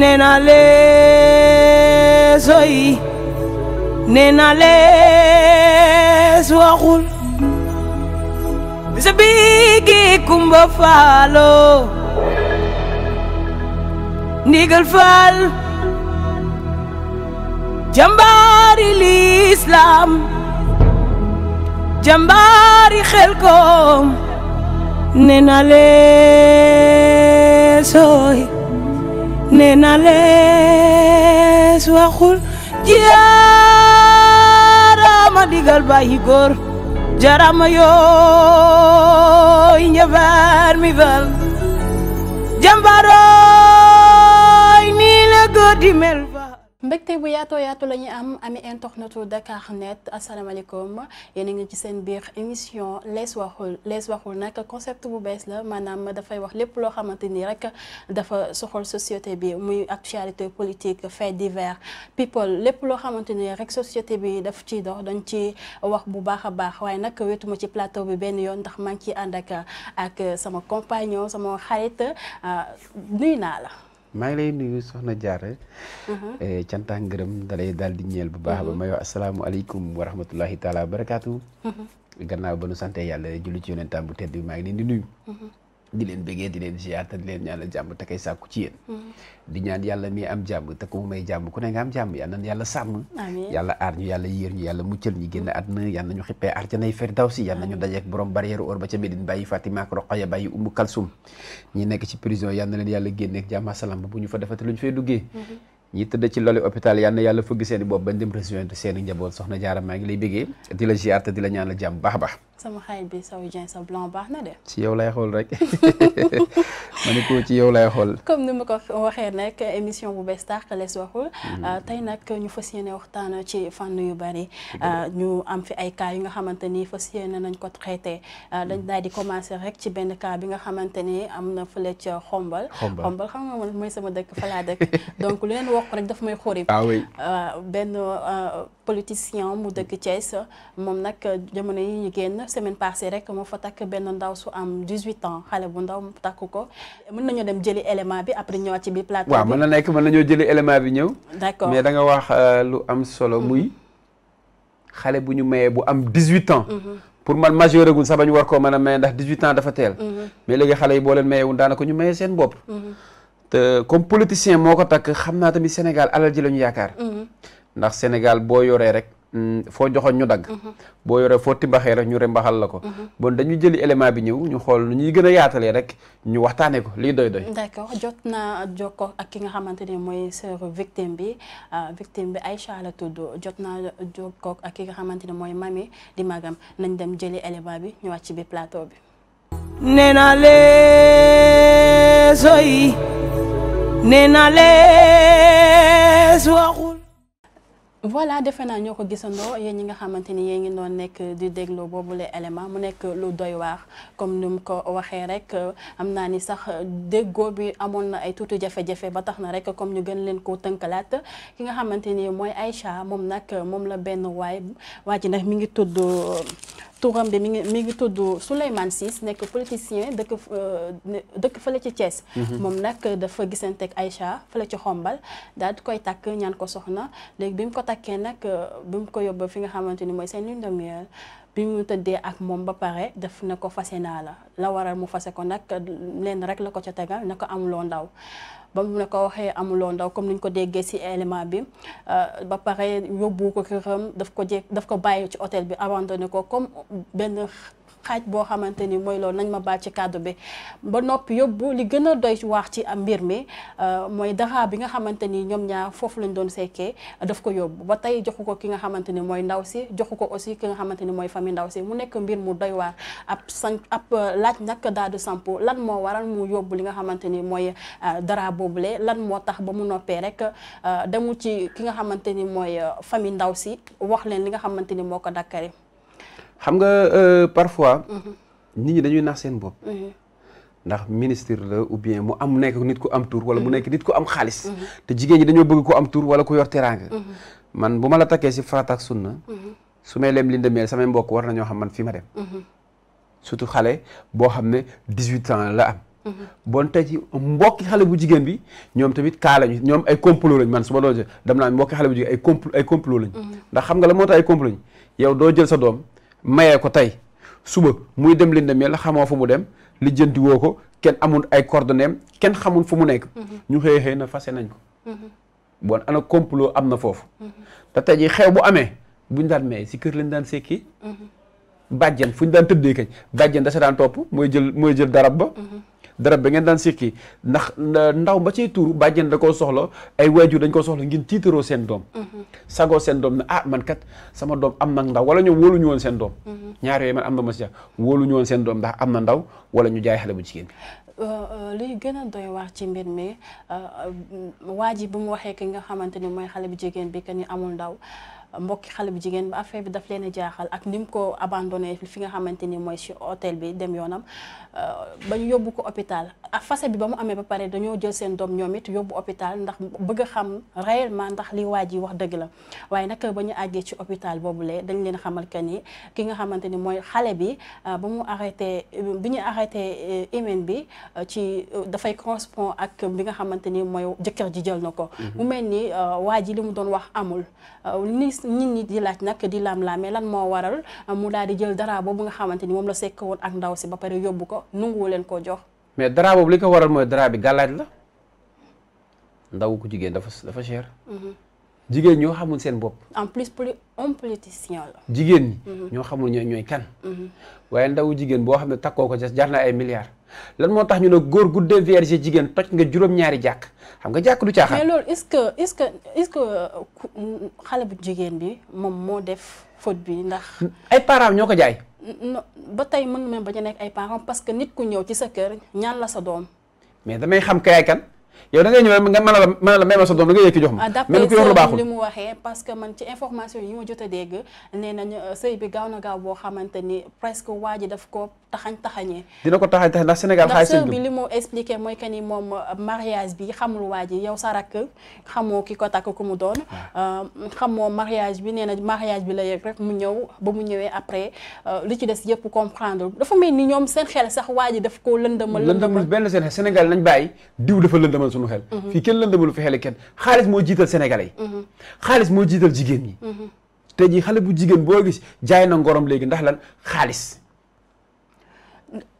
nee naa lees way nee naa lees waxul bisa biigi faalo ndigal faal jambaari lislaam jambaari xel koom nee naa lees way nee na lees waxul jaarama digal bàyyi góor jarama yooy njabaar mi bal jàmbaarooy nii la góor mel mbégte bu yaatoo yaatu la ñuy am ami internetu Dakar Net asalaamaaleykum yéen a ngi ci seen biir émission lees waxul lees waxul nag concept bu bees la maanaam dafay wax lépp loo xamante nii rek dafa soxal société bi muy actualité politique fait divers people lépp loo xamante ni rek société bi daf ciy dox dañ ci wax bu baax a baax waaye nag wetuma ci plateau bi benn yoon ndax maa ngi ciy ànd ak sama compagnon sama xarit ah, nuyu naa la. maa ngi lay nuyu soxna Diarra. Mhm. Eh, cant ak ngërëm dalay daal di ñeel bu baax ba mhm. may wax asalaamualeykum wa rahmatullahi taala wa barakaatu. Mhm. gannaaw ba nu sante yàlla julli ci yonentam bu tedd bi maa ngi leen di nuyu. di leen bëggee di leen ziar te di leen ñaanal jàmm te kay sàkku ci yéen. Mm-hmm. di ñaan yàlla mi am jàmm te ku mu may jàmm ku ne nga am jàmm yal nañu yàlla sàmm. yàlla aar ñu yàlla yéer ñu yàlla muccal ñu génn àdduna yal nañu xippee arjanay firdawsi yal nañu bu ñu fa defate lu ñu fay duggee. Mm-hmm. ñi tëdd ci loolu hôpital yàlla fëgg seen i bopp bañ dem rejoindre seen njaboot soxna jaara maa ngi lay bëggee di la ziar te di la ñaanal jàmm baax baax sama xarit bi Sow Dieng sa blanc baax na de. ci yow lay xool rek ma ne ko ci yow lay xool. comme ni ma ko waxee nag émission bu bees tàq les waxul. Mm. Euh, tey nag ñu fas yéene waxtaan ci fànn yu bari. Euh, ñu am fi ay kaa yu nga xamante ni fas yéene nañ ko traité euh, mm. dañ daal di commencer rek ci benn kaa bi nga xamante ni am na fële ca xombal. xombal xam nga man mooy sama dëkk fa laa donc leen wax rek daf may xori. Ah benn. politicien mu dëkk Thiès moom nag euh, jamono yi ñu génn semaine passée rek moo fa takk benn ndaw su am 18 ans xale bu ndaw mu takk ko mën nañoo dem jëli élément bi après ñëwaat ci biir plateau bi. waaw na nekk mën nañoo jëli élément bi ñëw. d'accord mais da nga wax euh, lu am solo mm-hmm. muy xale bu ñu mayee bu am 18 ans. Mm-hmm. pour man majeur gun sax ba ñu war koo mën a maye ndax 18 ans dafa teel. Mm-hmm. mais léegi xale yi boo leen mayee wun daanaka ñu maye seen bopp. te comme politicien moo ko takk xam naa tamit Sénégal alal ji la ñu yaakaar. ndax Sénégal boo yoree rek mm, foo joxoon ñu dagg mhm. boo yoree foo timbaxee rek ñu rembaxal la ko mhm. bon dañu jëli élément bi ñëw ñu xool nu ñuy gën a yaatalee rek ñu waxtaane ko lii doy doy d'accord jot naa jokkoo ak ki nga xamante ne mooy sœur victime bi euh, victime bi Aïcha la tudd jot naa jokkoo ak ki nga xamante ne mooy mami di magam nañ dem jëli élément bi ñu wàcc bi plateau bi nee naa lees way lees waxu voilà defe naa ñoo ko gisandoo yéen ñi nga xamante ni yéen ngi doon nekk di déglu boobule élément mu nekk lu doy waar comme ni mu ko waxee rek am naa ni sax déggoo bi amoon na ay tuuti jafe-jafe ba tax na rek comme ñu gën leen koo tënkalaat ki nga xamante ni mooy Aïcha moom nag moom la benn waay waa ji nag mi ngi tudd. turam bi mi ngi mi ngi tudd Souleymane Ciss nekk politicien dëkk euh, dëkk fële ci cees mhm. moom nag dafa gisante ak Aïcha fële ci xombal daal di koy takk ñaan ko soxna léegi bi mu ko takkee nag euh, bi mu ko yóbbu fi nga xamante ni mooy seen lune de bi mu tëddee ak moom ba pare def na ko fase naa la la waral mu fase ko nag leen rek la ko ca tegal na ko amuloo ndaw ba mu ne ko waxee amuloo ndaw comme ni ñu ko déggee ci élément bi euh, ba pare yóbbuwu ko këram daf ko jé daf ko bàyyi ci hôtel bi abandonné ko comme benn xaaj boo xamante ni mooy loolu nañ ma baal ci kàddu bi ba noppi yóbbu li gën a doy waax ci mbir mi euh, mooy dara bi nga xamante ni ñoom ñaar foofu lañ doon sekkee daf ko yóbbu ba tey joxu ko ki nga xamante ni mooy ndaw si joxu ko aussi ki nga xamante ni mooy famille ndaw si mu nekk mbir mu doy waar ab san ab euh, laaj nag sampo lan moo waral mu yóbbu li nga xamante ni mooy euh, dara boobule lan moo tax ba mu noppee rek demu ci ki nga xamante ni mooy famille ndaw si wax leen li nga xamante ni moo ko dakkari xam nga euh, parfois. Mhm. nit ñi dañuy nax seen bopp. ndax ministre la ou bien mu am nekk nit ku am tour wala mu nekk nit ku am mhm. xaalis. Mhm. te jigéen ñi dañoo bëgg ko am tour wala ku yor teraanga. man bu ma la takkee si farata ak sunna. su may lem linde meel samay mbokk war nañoo xam man fi ma dem. surtout xale boo xam ne dix-huit ans la am. bon tey ci mbokki xale bu jigéen bi ñoom tamit kaa lañu ñoom ay complot lañ man su ma doon dam naa mbokki xale bu jigéen ay ay complot lañ. ndax xam la moo ay complot lañ yow doo jël sa doom. mayee ko tey suba muy dem li ndemee la xamoo fu mu dem li jënti ko kenn amul ay coordonnées kenn xamul fu mu nekk mm-hmm. ñu xëy xëy na fase nañ ko mm-hmm. bon ana complot am na foofu mm-hmm. te tey jii xew bu amee buñ daan maye si kër lañ daan sekki bàjjen fu ñu daan tëddee kañ bàjjen da sa daan topp mooy jël mooy jël darab ba dara ba ngeen daan sikki ndax ndaw ba cay tuuru bàjjen da koo soxla ay waajur dañ koo soxla ngeen tiitaroo seen doom mhm. sagoo seen doom ne ah man kat sama doom am nag ndaw wala ñoom wóoluñu woon seen doom mhm. ñaar yooyu man am na ma si wóoluñu woon seen doom ndax am na ndaw wala ñu jaay xale bu jigéen euh, euh, liy gën a doy wax ci mbir mi euh, waa ji bu mu waxee ki nga xamante ni mooy xale bu jigéen bi que ni amul ndaw mbokki xale bu jigéen ba affaire bi daf leen jaaxal ak ni mu ko abandonné fi nga xamante ni mooy si hôtel bi dem yoonam euh, ba ñu yóbbu ko hôpital ak fase bi ba mu amee ba pare dañoo jël seen doom ñoom it yóbbu hôpital ndax bëgg xam réellement ndax li waa ji wax dëgg la waaye nag ba ñu àggee ci hôpital lee dañ leen xamal que ni ki nga xamante ni mooy xale bi euh, ba mu arrêté bi ñu arrêté euh, hymen bi ci dafay correspond ak bi nga xamante ni mooy jëkkër ji jël na ko mm-hmm. mu mel nii waa ji li mu doon wax amul gis nit ñi di laaj nag di laam-laamee lan moo waral mu daal di jël dara boobu nga xamante ni moom la sekk woon ak ndaw si ba pare yóbbu ko nunguwu leen koo jox mais dara boobu li ko waral mooy dara bi gàllaaj la ndaw ku jigéen dafa dafa cher mhm. jigéen ñoo xamul seen bopp. en plus un politicien la. jigéen ñi. Mhm. ñoo xamul ñooy ñooy kan. Mhm. waaye ndaw jigéen boo xam ne takkoo ko jar na ay milliards. lan moo tax ñu ne góor gu dévierge jigéen toj nga juróom-ñaari jàkk xam nga jàkk du caaxaan. mais loolu est-ce que est-ce que est-ce que xale bu jigéen bi moom moo def faute bi ndax. ay parents ñoo ko jaay. ba tey mën na bañ a nekk ay parents parce que nit ku ñëw ci sa kër ñaan la sa doom. mais damay xam kay kan. yow da ngay ñëw a la mën a la may ma sa doom da ngay yëkki jox ma ah, même ni mu waxee parce que man ci information yi ma jot a dégg nee euh, sëy bi gaaw na gaaw boo xamante ni presque waa daf ko taxañ taxañee dina ko taxañ taxañ ndax Sénégal li mu expliqué mooy que ni moom euh, mariage bi xamul waa ji yow sa rakk xamoo ki ko takk ku mu doon euh, xamoo mariage bi nee na mariage bi la yëg rek mu ñëw ba mu ñëwee après li ci des yëpp comprendre dafa mel ni ñoom seen xel sax waa ji daf ko lëndëmal lëndëmal benn seen xel Sénégal nañ bàyyi diw dafa lëndëm lëndëmal suñu xel fii kenn lëndëmalu fi xel kenn xaalis moo jiital sénégalais mhm. xaalis moo jiital jigéen ñi mhm. te ji xale bu jigéen boo gis jaay na ngorom léegi ndax lan xaalis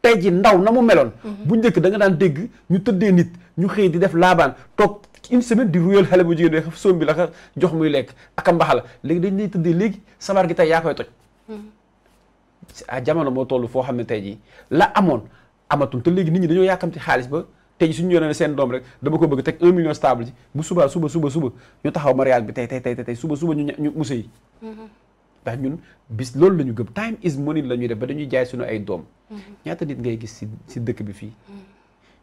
tey ji ndaw na mu meloon mhm. bu njëkk da nga daan dégg ñu tëddee nit ñu xëy di def laabaan toog une semaine di ruyal xale bu jigéen bi xaf soom bi la jox muy lekk ak a mbaxal léegi dañ lay tëddee léegi sabar gi tey yaa koy toj a ah, jamono moo toll foo xam ne tey la amoon amatul te léegi nit ñi tey suñu yónnee seen doom rek dama ko bëgg teg un million stable ci bu subaa suba suba suba ñu taxaw mariage bi tey tey tey tey suba suba ñu ñu musée yi ndax ñun bis loolu la ñu gëm time is money la ñuy def ba dañuy jaay suñu ay doom ñaata nit ngay gis si si dëkk bi fii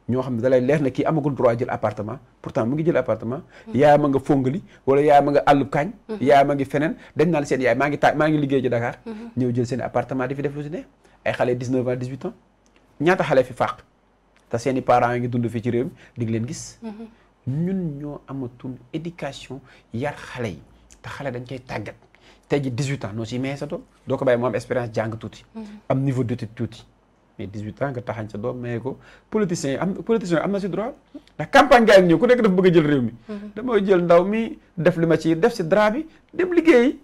ñoo xam ne dalay leer na kii amagul droit jël appartement pourtant mu ngi jël appartement yaay ma nga fongali wala yaay ma nga àllu kaañ yaay ma ngi feneen dañ naan seen yaay maa ta maa ngi liggéey ci Dakar ñëw jël seen appartement di fi def lu te seen i parents yi ngi dund fii ci réew mi di nga leen gis. Mhm. ñun ñoo amatul éducation yar xale yi te xale dañ koy tàggat tey ji 18 ans noo si may sa doom doo ko bàyyi mu am expérience jàng tuuti. Mhm. am niveau d'étude tuuti. mais 18 ans nga taxañ sa doom maye ko politiciens yi am na si droit ndax campagne gaa ngi ñëw ku nekk dafa bëgg a jël réew mi. Mhm. damay jël ndaw mi def li ma ci def si drap dem liggéeyi.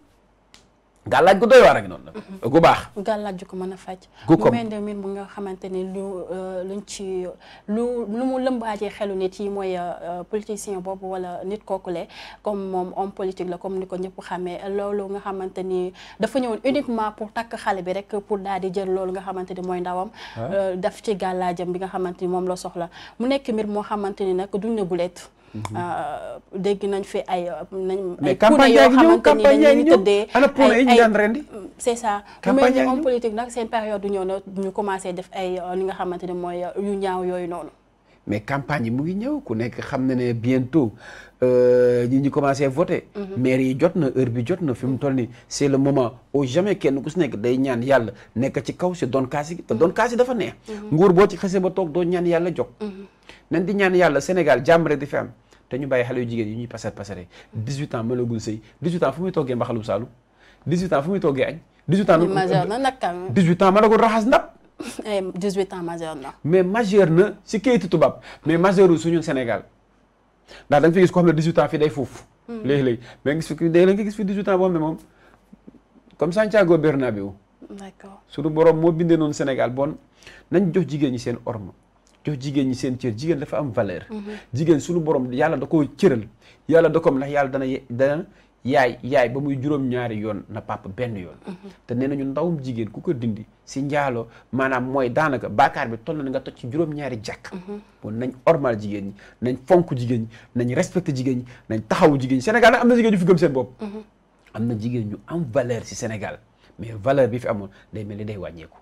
gàllaaj gu doy waar ak noonu la gu baax gàllaaj ju ko mën a faj gu ko mel ne mu nga xamante ne lu euh, luñ ci lu lu mu lëmbaajee xelu nit yi mooy euh, politicien boobu wala nit kooku le comme moom homme politique la comme ni ko ñëpp xamee loolu nga xamante ni dafa ñëwoon uniquement pour takk xale bi rek pour daal di jël loolu nga xamante ni mooy ndawam ah. euh, daf ci gàllaajam bi nga xamante ni moom la soxla mu nekk mbir moo xamante ni nag duñ ne guleet Mhm. Euh, dégg nañ fi ay nañ. ay kuréel yoo xamante ni dañuy tëddee ana poone yi ñu daan campagne yaa du ñëw na ñu commencé def ay li nga xamante ne mooy yu ñaaw yooyu noonu. mais campagne yi mu ngi ñëw ku nekk xam na ne bientôt euh, ñi ñu commencé voter mhm. maire yi jot na heure bi jot na fi mu toll nii c'est le moment au jamais kenn ku si nekk day ñaan yàlla nekk ci kaw si doon kaasi doon mhm. kaasi dafa neex. nguur boo ci xasee ba toog doo ñaan yàlla jóg. nañ di ñaan yàlla Sénégal jàmm rek di fi am. te ñu bàyyi xale yu jigéen yi ñuy pasar pasare 18 ans mënagul sëy 18 ans fu muy toggee mbaxalum saalum 18 ans fu muy toggee añ 18 ans majeur na nag quand même 18 ans mënagul raxas ndab 18 eh, ans majeur na mais majeur na si kayitu tubaab mais majeurul suñu Sénégal ndax da nga fi gis ko xam ne 18 ans fii day foofu hmm. léegi-léegi mais gis fi da nga gis fi 18 ans boo xam comme sancago comme Santiago Bernabéu d'accord suñu borom moo bindee noonu Sénégal bon nañ jox jigéen ñi seen orma jox jigéen ñi seen cër jigéen dafa am valeur. Mhm. jigéen suñu borom yàlla da koo cëral yala da ko am ndax dana dana yaay ba muy juróom-ñaari yoon na papa benn yoon. Mhm. te nee nañu ndawum jigéen ku ko dindi si njaaloo maanaam mooy daanaka baakaar bi toll na nga toj ci juróom-ñaari jàkk. bon mhm. nañ ormal jigéen ñi nañ fonk jigéen ñi nañ respecté jigéen ñi nañ taxawu jigéen ñi Sénégal nag am na jigéen ñu fi gëm seen am na jigéen ñu am valeur si Sénégal mais valeur bi fi amoon day mel ni day wàññeeku.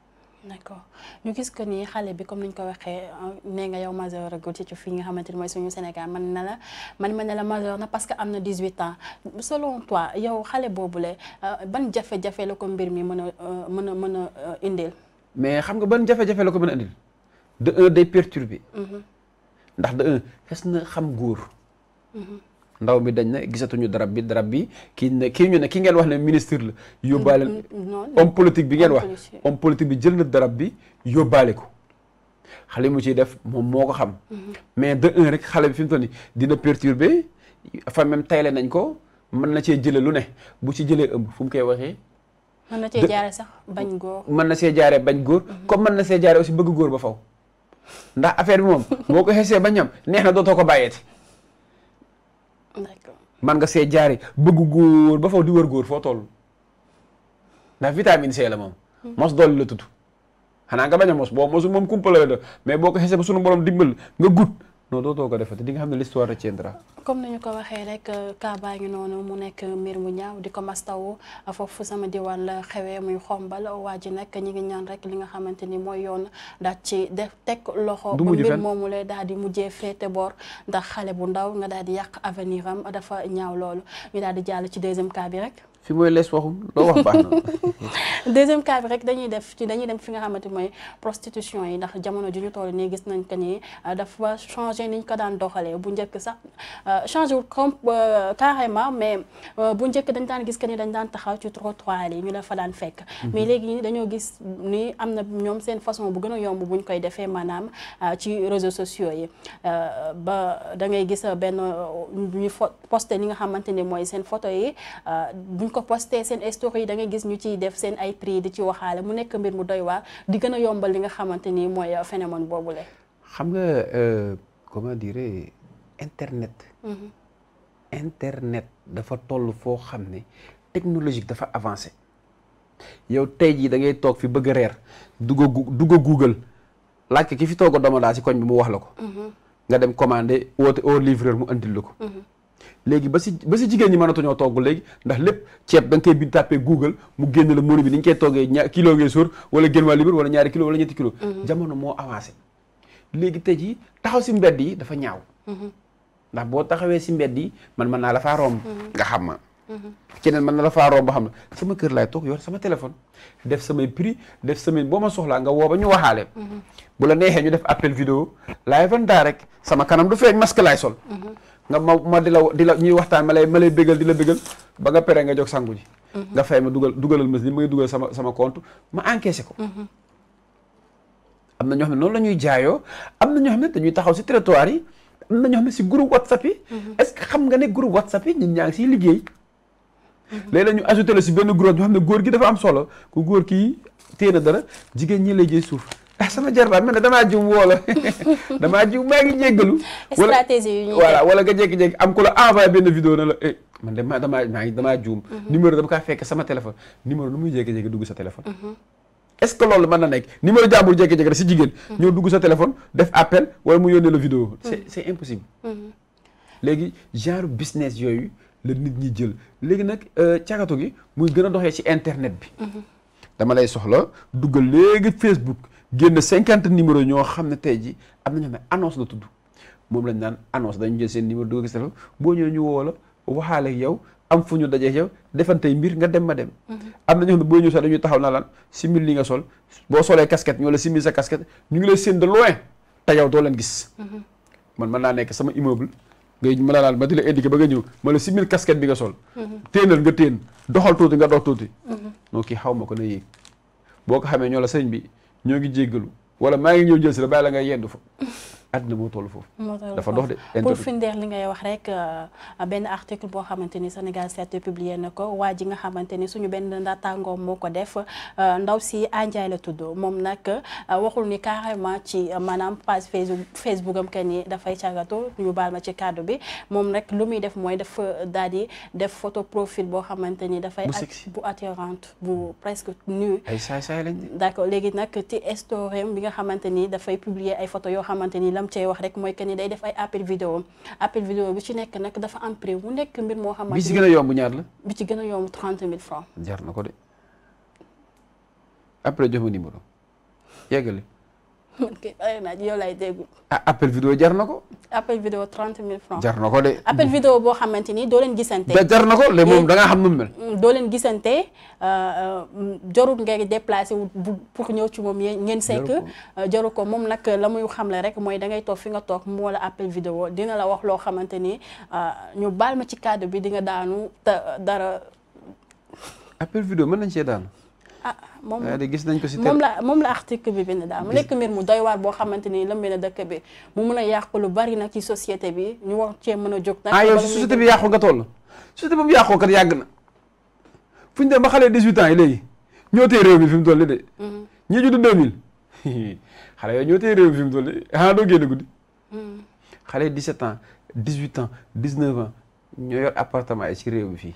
d' accord ñu gis que ni xale bi comme ni ñu ko waxee euh, nee nga yow majeur agul ci fi nga xamante ni mooy suñu Sénégal man na la man ma ne la majeur na parce que am na 18 ans selon toi yow xale boobule euh, ban jafe-jafe la ko mbir mi mën a euh, mën a mën a indil. mais xam nga ban jafe-jafe la ko mën a indil de un day perturbé. Mm-hmm. ndax de un xes na xam góor. Mm-hmm. ndaw mi dañ na gisatuñu darab bi darab bi kii ne kii ñu ne ki ngeen wax ne ministre la yóbbaale homme politique bi ngeen wax homme politique bi jël na darab bi yóbbaale ko xale yi mu ciy def moom moo ko xam mhm. mais de un rek xale bi fi mu toll nii dina perturber fa même tayle nañ ko mën na cee jële lu ne bu ci jëlee ëmb fu mu koy waxee mën na cee jaare sax bañ góor mën na see jaaree bañ góor mhm. comme mën na see jaare aussi bëgg góor ba faw ndax affaire bi moom moo ko xesee ba ñam neex na dootoo ko bàyyeeti man nga see jaare bëgg góor ba faw di wër góor foo toll ndax vitamine C la moom hmm. mos dool la tudd xanaa nga bañ a mos boo mosul moom kumpala la mais boo ko xesee ba sunu borom dimbal nga gut non dootoo ko defati di nga xam ne l'histoire retiendra comme ni ñu ko waxee rek kaa euh, baa ngi noonu mu nekk mbir mu ñaaw di ko mastawu euh, foofu sama diwaan la xewee muy xombal waa ji nag ñi ngi ñaan rek li nga xamante ni mooy yoon daal ci def teg loxo ba mbir moomu lay daal di mujjee féete boor ndax xale bu ndaw nga daal di yàq avenir a dafa ñaaw loolu ñu daal di jàll ci deuxième cas bi rek fi mooy lees waxul loo wax baax na. deuxième cas bi rek dañuy def ci dañuy dem fi nga xamante mooy prostitution yi ndax jamono ji ñu toll nii gis nañ que ni euh, dafa changé ni ñu ko daan doxalee bu njëkk sax euh, changé wul comme euh, carrément mais bu njëkk dañ daan gis que ni dañ daan taxaw ci trottoir yi ñu la fa daan fekk. Mhm. mais léegi dañoo gis ni am na ñoom seen façon bu gën a yomb bu ñu koy defee maanaam ci réseaux sociaux yi ba da ngay gis benn ñuy posté li nga xamante ni mooy seen photo yi. ko posté seen story yi dangay gis ñu ciy def seen ay prix di ci waxaale mu nekk mbir mu doy waa di gën a yombal li nga xamante ni mooy euh, phénomène boobu la xam nga euh, comment dirais internet mhm. internet dafa toll foo xam ne technologique dafa avancé yow tey jii da ngay toog fi bëgg reer dugg a dugg a google laaj ki fi toog a si koñ bi mu wax la ko mhm. nga dem commandé woote au livreur mu andil la ko mhm. léegi ba si ba si jigéen ñi mënatuñoo togg léegi ndax lépp ceeb da nga koy tàppee google mu génn la menu bi ni ñu koy toggee ña kilo ngay sóor wala génn waa libre wala ñaari kilo wala ñetti kilo mm-hmm. jamono moo avancé léegi tey jii taxaw si mbedd yi dafa ñaaw mm-hmm. ndax boo taxawee si mbedd yi man mën naa la faa romb mm-hmm. nga xam ma keneen man na la faa romb ba xam ne sama kër laay toog yor sama téléphone def samay prix def samay boo ma soxlaa nga woo ba ñu waxaale bu la neexee ñu def appel vidéo laay vantaa rek sama kanam du feeñ masque sol nga ma ma di la di la ñuy waxtaan ma lay ma di la bégal ba nga pere nga jóg sangu ji mhm. nga fay ma dugal dugalal ma li ma ngi dugal sama sama compte ma encaissé ko mhm. am na ñoo xam ne noonu la ñuy jaayoo am na ñoo xam ne dañuy taxaw si territoire yi am na ñoo xam ne si groupe whatsapp yi mhm. est-ce que xam nga ne groupe whatsapp yi ñun ñaa ngi siy liggéey léeg-léeg ñu ajouté la si benn groupe ñoo xam ne góor gi dafa am solo ku góor kii téye na dara jigéen ñi lay jël suuf ah sama jarbaat man de damaa jiw maa ngi jéggalu. stratégie yu ñuy voilà wala nga jékki-jékki am ku la envoyé benn vidéo na la eh man ma damaa maa ngi damaa juum. Mhm. numéro dama kaa fekk sama téléphone numéro lu muy jékki-jékki dugg sa téléphone. Mhm. est loolu mën na nekk numéro jàmbur jékki-jékki rek si jigéen. Mhm. ñëw dugg sa téléphone def appel wala mu yónnee la vidéo. c'est c'est impossible. léegi genre business yooyu la nit ñi jël léegi nag euh, cagatu gi muy gën a doxee ci internet bi. dama lay soxla duggal léegi Facebook. génn cinquante numéro ñoo xam ne tey ji am na ñoo xam ne annonce la tudd moom lañ naan annonce dañu jël seen numéro dugg gis la boo ñëwee ñu woo la waxaale ak yow nga dem ma dem mhm. na ñoo xam ne boo ñëw sax dañuy taxaw naa lan li nga sol boo solee casquette ñu la simil sa casquette ñu ngi lay séen de loin te yow doo leen gis mhm. man mën naa nekk sama immeuble ngay mën naa naan ma di la indiqué ba nga ñëw ma la simil casquette bi nga sol mhm. téenal nga téen doxal tuuti nga dox tuuti non kii xaw ma ko na yéeg boo ko xamee ñoo la sëñ bi ñoo ngi jéggalu wala maa ngi ñëw jël si la bàyyi la nga fa àdduna boo toll foofu. dafa dox de pour euh, boo xamante ni Sénégal 7 publié na ko waa ji nga xamante ni suñu benn ndaataangoom moo ko def euh, ndaw si Andiaye la tudd moom nag euh, waxul ni carrément ci maanaam page Facebook am que ni dafay cagatu ñu baal ma ci kàddu bi moom rek lu muy def mooy dafa daal di def photo profil boo xamante ni. dafay bu attirante bu presque nu. saay saay lañ. d'accord léegi nag ci story bi nga xamante dafay publier ay photo yoo xamante la. lam cay wax rek mooy que ni day def ay appel vidéo appel vidéo bi ci nekk nag dafa am prix nekk mbir moo xamante bi ci gën a yomb ñaar la bi ci gën a yomb trente mille francs jar na ko de après jox ma numéro yeggali ok ay naaj yow lay déglu. ah appel vidéo jar na ko. appel vidéo trente mille francs. jar na ko de. vidéo boo xamante ni doo leen gisante. ba jar na ko léegi moom da ngaa xam nu mu mel. Mm, doo leen gisante euh, euh, jarut ngay déplacé wu pour ñëw ci moom ngeen sekk. jaru euh, ko moom nag la muy xamle rek mooy da ngay toog fi nga toog moo la appel vidéo dina la wax loo xamante ni ñu baal ma ci cadre bi di nga daanu dara. appel vidéo mën nañ cee daanu. a ah, moom eh, gis nañ ko si moom la moom la article bi bind daal mu ni lëmbe mun a yàqu lu bari nag ci société bi ñu war cee mën a jóg. nag ah yow si nga toll société bi mu yàqoo kat yàgg na fu ñu dem ba xale 18 ans yi léegi ñoo tee réew mi fi mu toll nii de. ñi judd 2000 xale yooyu ñoo tee réew mi fi mu toll nii ah doo génn guddi. Mm-hmm. xale 17 ans 18 ans 19 ans ñoo yor appartement yi ci rew mi fii.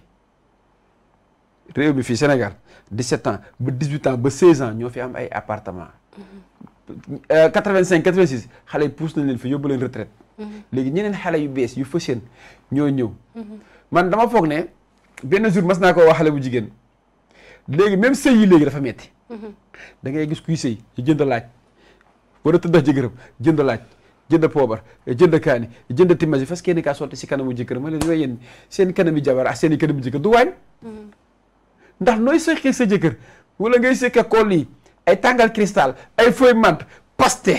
réew bi fii Sénégal 17 ans ba 18 ans ba 16 ans ñoo fi am ay appartement 85 86 xale yi pousse nañ leen fi yóbbu leen retraite léegi ñeneen xale yu bees yu fas yéen ñoo ñëw. man dama foog ne benn jour mas naa ko wax xale bu jigéen léegi même sëy yi léegi dafa metti da ngay gis kuy sëy jënd laaj wala tëddax jëkkëram jënd laaj jënd poobar jënd kaani jënd timaji fas kenn kaa sotti si kanamu jëkkër ma leen yooyu yéen seen kanami jabar ak seen i kanami jëkkër du waañ ndax nooy seqee sa jëkkër wala ngay seqee kool yi ay tàngal cristal ay feuille menthe paste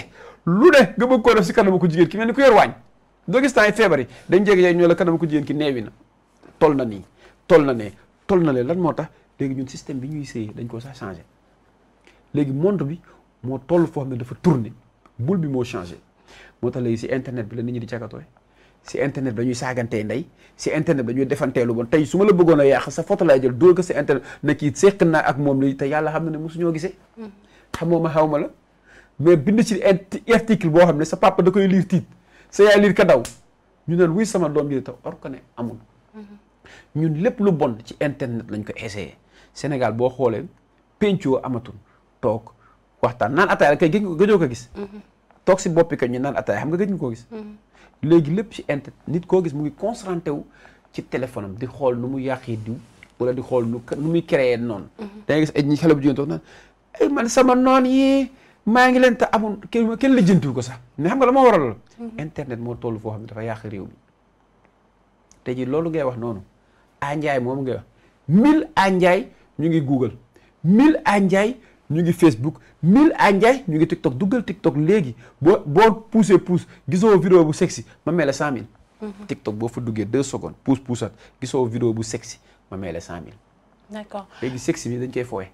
lu de nga bëgg koo def si kanamu ko jigéen ki mel ni ku yor waañ doo gis feebar yi dañ jege yooyu ñoo la kanamu ko jigéen ki neewi na tol na nii tol na ne tol na ne lan moo tax léegi ñun système bi ñuy sëyee dañ ko saa changé léegi monde bi moo toll foo xam ne dafa tourné boule bi moo changé moo tax léegi si internet bi la nit ñu di càkkatooy si internet dañuy saagantee ndey si internet dañuy defantee lu bon tey su ma la bëggoon a yàq sa photo laay jël dóor ko si internet ne kii seq na ak moom lii te yàlla xam na ne mosuñoo gisee. Hmm. xamoo ma xaw ma la mais bind ci article boo xam ne sa papa da koy liir tiit sa yaay liir ka daw ñu naan wuy sama doom ji te or ko ne amul. Hmm. ñun lépp lu bon ci internet lañ ko essayé senegal boo xoolee pencoo amatu toog waxtaan naan ataaya kay gëjoo ko gis. Hmm. toog si boppi kañ ñu naan ataaya xam nga gëj ñu koo gis. Mm-hmm. léegi lépp ci internet nit koo gis mu ngi concentré wu ci téléphone am di xool nu mu yàqee diw wala di xool nu nu muy créé noonu. Mm-hmm. da ngay gis ay xale bu jigéen man sama noon yi maa ngi leen te amul kenn kenn la ko sax mais xam nga la moo waral mm-hmm. internet moo toll foo xam ne dafa yàq réew mi te ji loolu ngay wax noonu Anjaay moom ngay mil mille Anjaay ñu ngi Google mille Anjaay ñu ngi Facebook mille à Ndiaye ñu ngi TikTok duggal TikTok léegi boo boo poussé pousse gisoo vidéo bu sexy ma may la cent mille. Mhm. TikTok boo fu duggee deux secondes pousse poussat gisoo vidéo bu sexy ma may la cent mille. d'accord léegi sexy bi dañ koy fooye.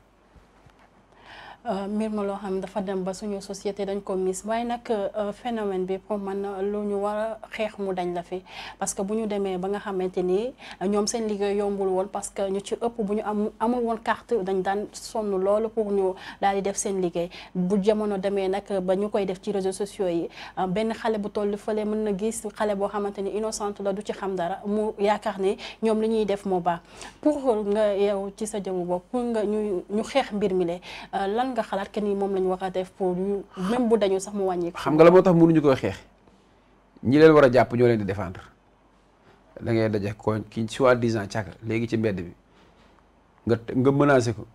Euh, mbir ma loo xam dafa dem ba suñu société dañ ko mis waaye nag euh, phénomène bi pour man euh, lu ñu war a xeex mu dañ la fi parce que bu ñu demee ba nga xamante ni ñoom seen liggéey yombul woon parce que ñu ci ëpp bu ñu am amul woon carte dañ daan sonn loolu pour ñu daal di def seen liggéey bu jamono demee nag ba ñu koy def ci réseau sociaux yi benn xale bu toll fële mën na gis xale boo xamante ni innocente la du ci xam dara mu yaakaar ne ñoom li ñuy def moo baax pour nga yow ci sa jëmu nga ñu ñu xeex mbir mi le lan nga xalaat que ni moom la ñu war a def pour ñu même bu dañu sax mu wàññeeku. xam nga la moo tax ñu koy xeex ñi leen war a jàpp ñoo leen di defendre da ngay daje ko ki soi-disant càkk léegi ci mbedd bi nga nga menacé ko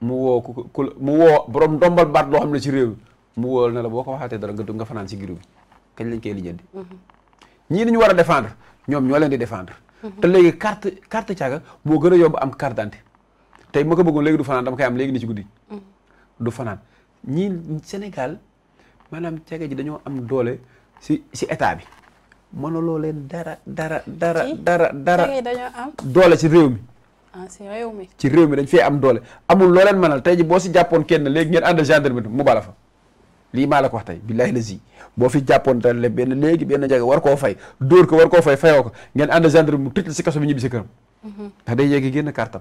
mu woo ku mu woo borom ndombal baat loo xam ne ci réew mu woo na la boo ko waxaatee dara nga dugg nga fanaan ci giru kañ lañ koy lijjanti. Mm-hmm. ñii ni war a ñoom ñoo leen di défendre. Mm-hmm. te léegi carte carte càkk moo gën a yomb am carte tey ma ko bëggoon léegi du fanaan dama koy am léegi ni ci guddi mm. du fanaan ñii Sénégal maanaam ceege ji dañoo am doole si si état bi mënuloo leen dara dara dara dara dara dañoo am doole si réew mi ah, si réew mi ci réew mi dañ fee am doole amul loo leen mënal tey ji boo si jàppoon kenn léegi ngeen ànd gendarmerie mu bala fa lii maa la ko wax tey la lazi boo fi jàppoon da le benn léegi benn jage war koo fay door ko war koo fay fayoo ko ngeen ànd gendarmerie mu tëj si kaso bi ñibbi si këram mm-hmm. ndax day yéegi génn kartam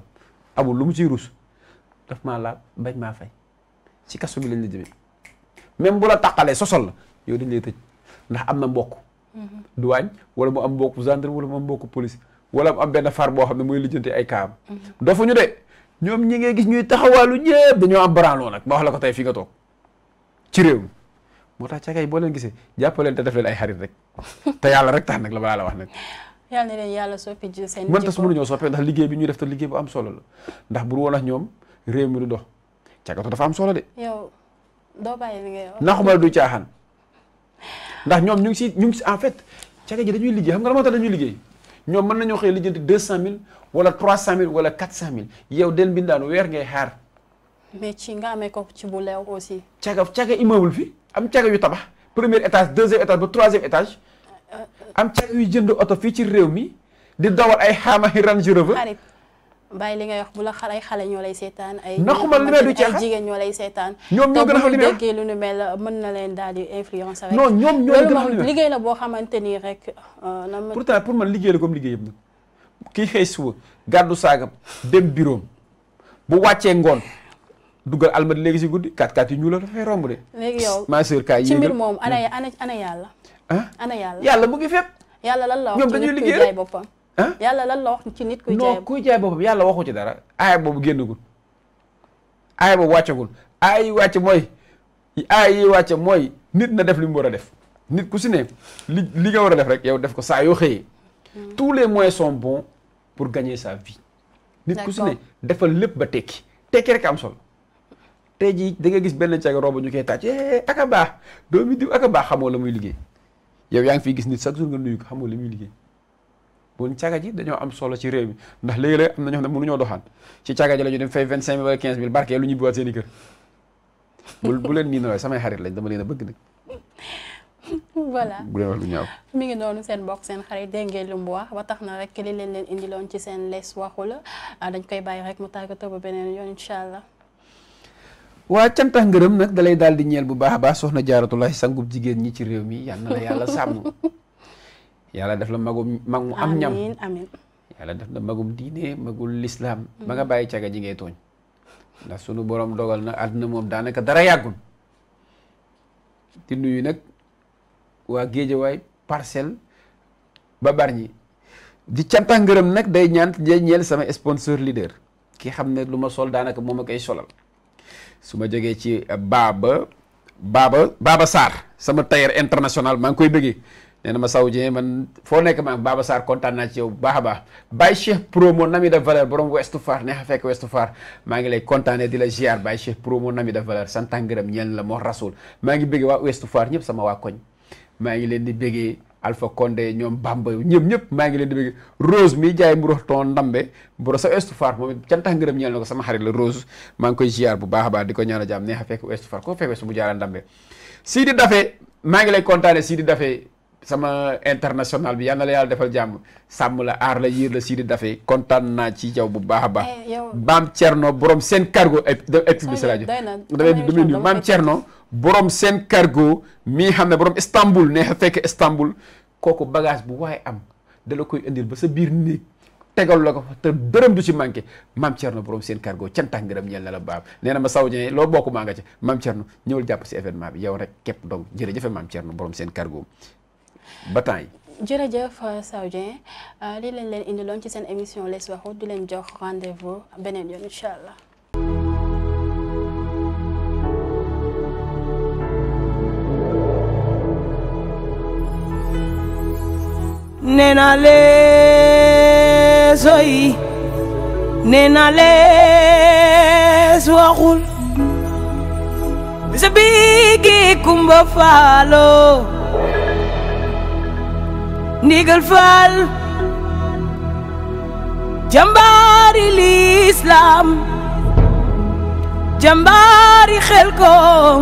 abul lu mu ciy ruus daf ma laal bañ maa fay ci kaso bi lañ la jëmee même bu la taqalee sosol la yow dañ lay tëj ndax am na mbokk mhm. duwaañ wala mu am mbokk gendarme wala mu am mbokk wala benn far boo xam ne muy lijjanti ay kaam mhm. dafa ñu de ñoom ñi ngay gis ñuy taxawaalu ñëpp dañoo am branloo nag ma wax la ko tey fii nga toog ci réew mi moo tax cakay boo leen gisee jàppaleen te def leen ay xarit rek te yàlla rek tax nag la balaa la wax nag yàlla na leen yàlla soppi seen jikko wante su mënuñoo soppee ndax liggéey bi ñuy def te liggéey bu am solo la ndax bu woon ak ñoom réew mi du dox solo de. yow doo bàyyi liggéey naxuma du caaxaan ndax ñoom ñu ngi si ñu ngi si en fait càgg ji dañuy liggéey xam nga dañuy liggéey ñoom mën nañoo xëy lijjanti deux cent mille wala trois cent mille wala quatre cent mille yow del mbindaan weer ngay xaar. mais ci nga amee ko ci bu leew aussi. càgg càgg immeuble fi am càgg yu tabax premier étage deuxième étage ba troisième étage am ca yuy jënd oto fii ci réew mi di dawal ay xaama yi Range Rover. xarit li nga wax bu la xale ay ñoo lay seetaan. ay ay jigéen ñoo lay seetaan. ñoom ñoo gën a xam li mën na leen daal di influence ñoom ñoo liggéey la boo xamante ni rek. Euh, pourtant pour man liggéey la comme liggéey yëpp nag kii xëy suba gàddu saagam dem biroom bu wàccee ngoon. dugal almadi léegi si guddi kat kat yu ñuulal dafay romb de. léegi yow ma sœur kaay ci hmm. ana yàlla. ah ana yàlla yàlla mu ngi fépp. yàlla lan la wax ci nit kuy jaay boppam yàlla lan la wax ci nit kuy kuy jaay boppam yàlla waxu ci dara aaya boobu génnagul aaya boobu wàccagul aaya yi wàcc mooy aaya wàcc mooy nit na def li mu war a def nit ku si ne li nga war a def rek yow def ko saa yoo xëyee hmm. tous les moyens sont bons pour gagner sa vie nit ku si ne defal lépp ba tekki tekki rek am solo tey jii da gis benn ceeg roba ñu koy tàcc eh, aka baax doomi diw aka baax xamoo la muy liggéey yow yaa ngi fiy gis nit chaque jour nga nuyu ko xamul li muy liggéey bon caga ji dañoo am solo ci réew mi ndax léegi-léeg am na ñoo xam ne mënuñoo doxaan ci caga ji la ñu dem fay vingt cinq mille wala quinze mille barkee lu ñu buwaat seen i kër bu leen nii nooy samay xarit lañ dama leen a bëgg nag voilà bu leen wax lu ñaaw mi ngi noonu seen bokk seen xarit dégg ngeen lu mu wax ba tax na rek li leen leen indiloon ci seen les waxu la ah, dañ koy bàyyi rek mu tàggatoo ba beneen yoon incha waa cantax ngërëm nag dalay daal di ñeel bu baax a baax soxna jaaratulaay sangub jigéen ñi ci réew mi yal na sàmm yàlla def la magum mag mu am ñam yàlla def la magum diine magul lislaam mm. ba nga bàyyi caga ji tooñ ndax sunu borom dogal na àdduna moom daanaka dara yàggul di nuyu nag waa géejawaay parcelle ba barñi di cantax ngërëm nag day ñaan day ñeel sama sponsor leader ki xam ne lu ma sol daanaka moom a koy solal su ma jógee ci baaba baaba baaba Sarr sama tailleur international maa ngi koy bëggee nee na ma Saw Dieng man foo nekk maa baaba Sarr kontaan naa ci yow bu baax a baax Baye Cheikh Pro mon de valeur borom Ouest Foire a fekk Ouest Foire maa ngi lay kontaanee di la ziar Baye Cheikh Pro mon ami de valeur sant ak ngërëm ñeel la moo rasul maa ngi bëggee waa Ouest Foire ñëpp sama waa koñ maa ngi leen di bëggee. Alpha Condé ñoom Bamba ñëpp ñëpp maa ngi leen Rose mi jaay mu rox ton ndambe bu sa moom it cantax ngërëm ñeel na ko sama xarit la Rose maa ngi koy ziar bu a di Dafe maa ngi lay kontaane Dafe sama international bi yal na la yàlla defal jàmm sàmm la aar la yiir la Sidi Dafe kontaan naa ci yow bu baax a baax. Eh, maam Thierno borom seen cargo ex bi si rajo. damay damay nuyu maam Thierno borom seen cargo mi xam ne borom Istanbul ne a fekk Istanbul kooku bagage bu waaye am dala koy indil ba sa biir néeg tegal la ko te dërëm du si ci manqué maam Thierno borom seen cargo cantax ngërëm ñeel na la baab nee na ma saw ñee loo bokk maa nga ci maam Thierno ñëwal jàpp si événement bi yow rek képp dong jërëjëf maam Thierno borom seen cargo ba temps yi jërëjëf euh, Sow Dieng euh, leen indiloon ci seen émission les waxu di leen jox rendez-vous beneen yoon incha allah. nena lees oyi nena lees bisa biigi kumba faalo ndigal faal jambaari lislaam jambaari xelkom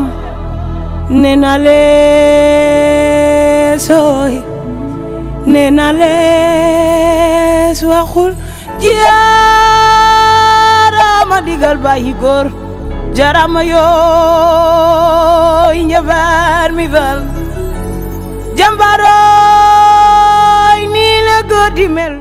nee na leesooy nee lees waxul jaarama digal bàyyi góor jarama yooy njabaar mi fal jambaaroo góor di mel